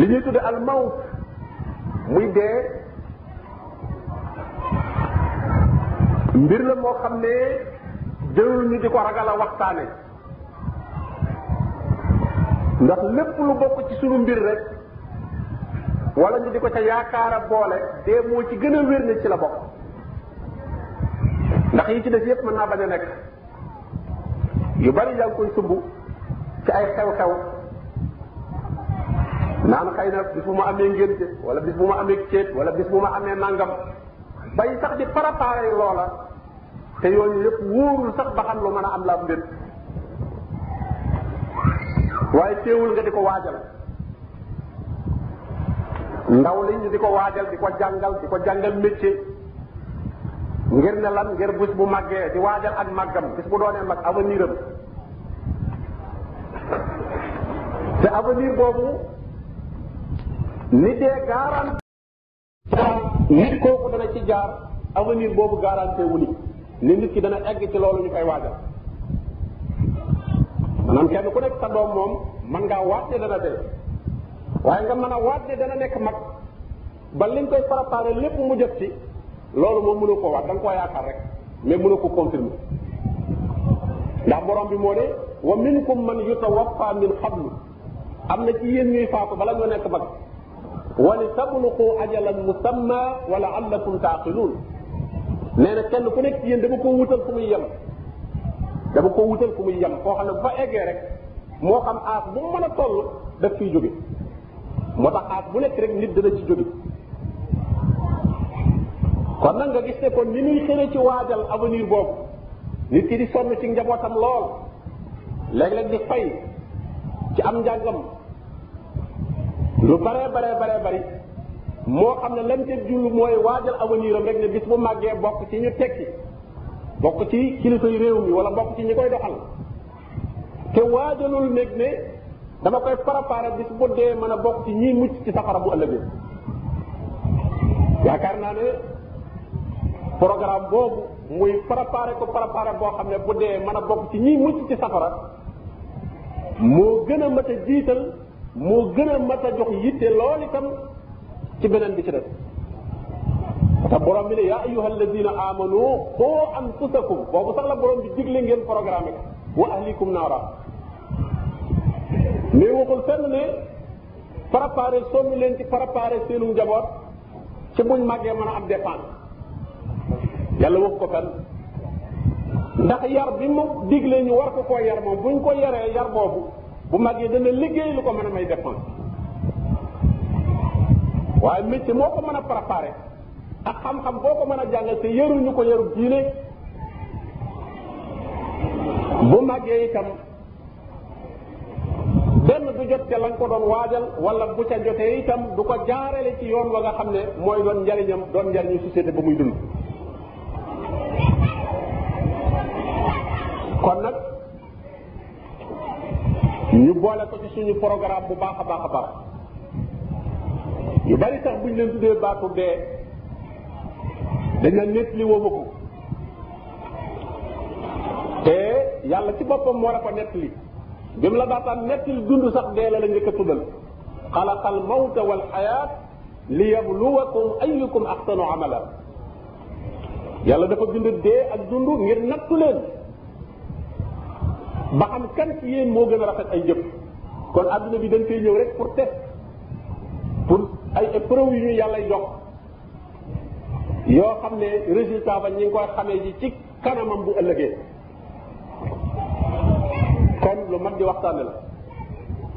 li ñuy tudde al mawt muy dee mbir la moo xam ne jëlul ñu di ko ragal a waxtaane ndax lépp lu bokk ci sunu mbir rek wala ñu di ko ca yaakaara boole dee moo ci gën a wér ne ci la bokk ndax yi ci def yépp mën naa bañ a nekk yu bari yaa koy sumb ci ay xew-xew naan xëy na bis bu ma amee ngénte wala bis bu ma amee céet wala bis bu ma amee nangam bay sax di préparer loola te yooyu yëpp wóorul sax ba xam lu mën a am la am déet waaye teewul nga di ko waajal ndaw li di ko waajal di ko jàngal di ko jàngal métier ngir ne lan ngir bis bu màggee di waajal ak màggam bis bu doonee mag avenir te avenir boobu li dee garanti nit kooku dana ci jaar avenir boobu garanti wu ni nit ki dana egg ci loolu ñu koy waajal maanaam kenn ku nekk sa doom moom mën ngaa wax ne dana dee waaye nga mën a waat ne dana nekk mag ba li nga koy préparé lépp mu jot ci loolu moom mënoo koo waat da ko koo yaakaar rek mais mënoo ko confirmer ndax borom bi moo ne wa minkum man yutawaffa min qablu am na ci yéen ñuy faatu bala ñoo nekk mag wali tabluqu ajalan musamma wa laallakum taaqiluun nee na kenn ku nekk ci yéen dama ko wutal fu muy yem dama ko wutal fu muy yem koo xam ne bu fa eggee rek moo xam aas bu mu mën a toll daf fiy jóge moo tax aas bu nekk rek nit dana ci jóge kon nag nga gis ne kon ni muy xëre ci waajal avenir boobu nit ki di sonn ci njabootam lool léeg-léeg di fay ci am njàngam lu bare bare bare bari moo xam ne lan ca mooy waajal avenir am rek ne bis bu màggee bokk ci ñu tekki bokk ci kilifa yi réew mi wala bokk ci ñu koy doxal te waajalul néeg ne dama koy préparer bis bu dee mën a bokk ci ñi mucc ci safara bu ëllëgee yaakaar naa ne programme boobu muy préparer ko préparer boo xam ne bu dee mën a bokk ci ñi mucc ci safara moo gën a mat a jiital moo gën a mat a jox yitte lool itam ci beneen bi ci def te borom bi ne yaa ayuha alladina amanu xoo anfusakum boobu sax la borom bi digle ngeen programme ko wa ahlikum naara waxul fenn ne préparé sommi leen ci préparé seenu njaboot ci buñ màggee mën a am dépense yàlla wax ko fenn ndax yar bi mu digle ñu war ko koo yar moom buñ ko yaree yar boobu bu màggee dana liggéey lu ko mën a may dépense waaye métier moo ko mën a préparé ak xam-xam boo ko mën a jàngal te yëruñu ko yëru diine bu màggee itam benn du jot ca lañ ko doon waajal wala bu ca jotee itam du ko jaarale ci yoon wa nga xam ne mooy doon njariñam doon njariñu société ba muy dund kon nag ñu boole ko ci suñu programme bu baax a baax a baax yu bari sax buñ leen tuddee baatu dee dañ la nett li woo ko te yàlla ci boppam moo la ko nett li bi mu la daataan nett li dund sax dee la la njëkk tuddal xalaqal mawta wal xayaat li yabluwakum ayyukum axsanu amala yàlla dafa bind dee ak dund ngir nattu leen ba xam kan ci yéen moo gën a rafet ay jëf kon adduna bi dañ koy ñëw rek pour test pour ay épreuve yu ñu yàlla jox yoo xam ne résultat ba ñi ngi koy xamee ji ci kanamam bu ëllëgee kon lu mat di waxtaane la